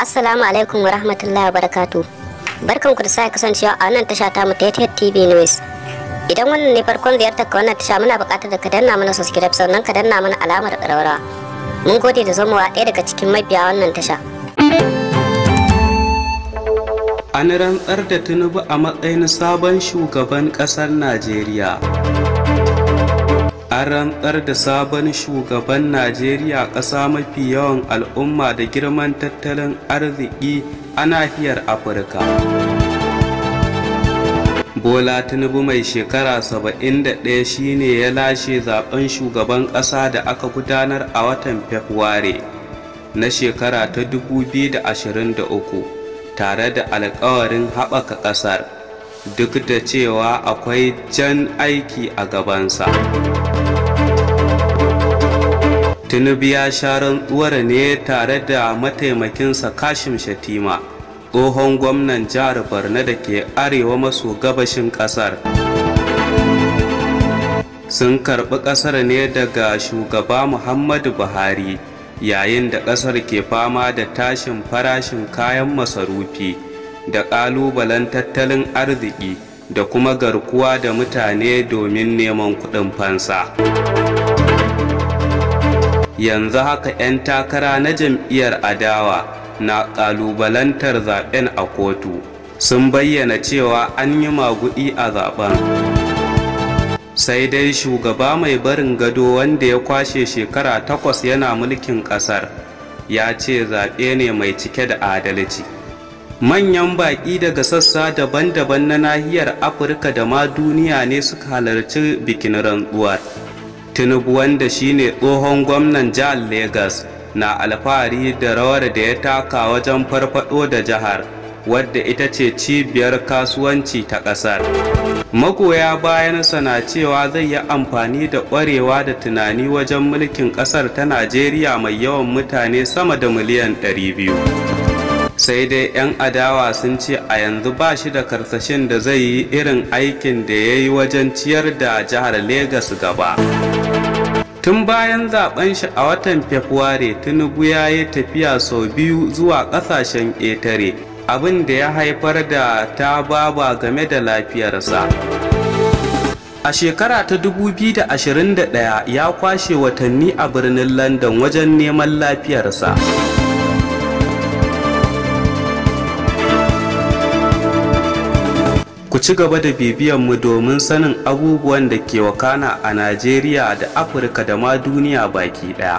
Assalamu alaikum wa rahmatullahi wa barakatu. Barkan ku da sake kasancewa a wannan tasha ta mu ta TV News. Idan wannan ne farkon ziyartar ka wannan tasha muna buƙatar da ka danna mana subscribe sannan ka danna mana alamar ƙararrawa. Mun gode da a ɗaya daga cikin mabiya wannan tasha. An rantsar da Tinubu a matsayin sabon shugaban ƙasar Najeriya. an rantsar da sabon shugaban najeriya ƙasa mafi yawan al'umma da girman tattalin arziki a nahiyar afirka bola tinubu mai shekara 71 shine ya lashe zaben shugaban ƙasa da aka gudanar a watan fefware na shekara ta 2023 tare da alkawarin haɓaka ƙasar duk da cewa akwai jan aiki a gabansa. tinubu ya sha rantsuwar ne tare da mataimakinsa kashim shatima tsohon gwamnan jihar borno da ke arewa maso gabashin kasar sun karɓi ƙasar ne daga shugaba muhammadu buhari yayin da ƙasar ke fama da tashin farashin kayan masarufi da ƙalubalen tattalin arziki da kuma garkuwa da mutane domin neman kuɗin fansa. yanzu haka 'yan takara na jam'iyyar adawa na ƙalubalantar zaben a kotu sun bayyana cewa an yi maguɗi a zaben sai dai shugaba mai barin gado wanda ya kwashe shekara takwas yana mulkin ƙasar ya ce zaɓe ne mai cike da adalci manyan baƙi daga sassa daban-daban na nahiyar afirka da ma duniya ne suka halarci bikin rantsuwar tinubu wanda shine tsohon gwamnan jihar Legas, na alfahari da rawar da ya taka wajen farfado da jihar wadda ita ce cibiyar kasuwanci ta ƙasar magoya bayansa na cewa zai yi amfani da ƙwarewa da tunani wajen mulkin ƙasar ta najeriya mai yawan mutane sama da miliyan 200 sai dai 'yan adawa sun ce a yanzu ba shi da karsashin da zai yi irin aikin da ya yi wajen ciyar da jihar Legas gaba. tun bayan zaben shi a watan Fefuware, tinubu ya yi tafiya sau biyu zuwa kasashen ƙetare abin da ya haifar da ta baba game da lafiyarsa a shekara ta 2021 ya kwashe watanni a birnin london wajen neman lafiyarsa Ku ci gaba da bibiyan mu domin sanin abubuwan da ke wakana a Najeriya da Afirka da ma duniya baki ɗaya.